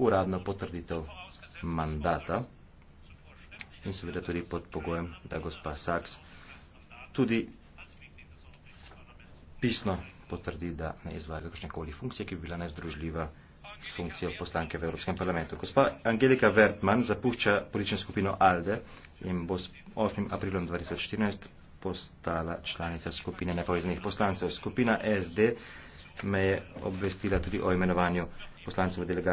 uradno potrditev mandata in seveda tudi pod pogojem, da gospa Saks tudi pisno potrdi, da ne izvaja kakršnekoli funkcije, ki bi bila nezdružljiva s funkcijo poslanke v Evropskem parlamentu. Gospa Angelika Wertmann zapušča politično skupino ALDE in bo s 8. aprilom 2014 postala članica skupine nepovezanih poslancev. Skupina SD me je obvestila tudi o imenovanju poslancev v delegaciji.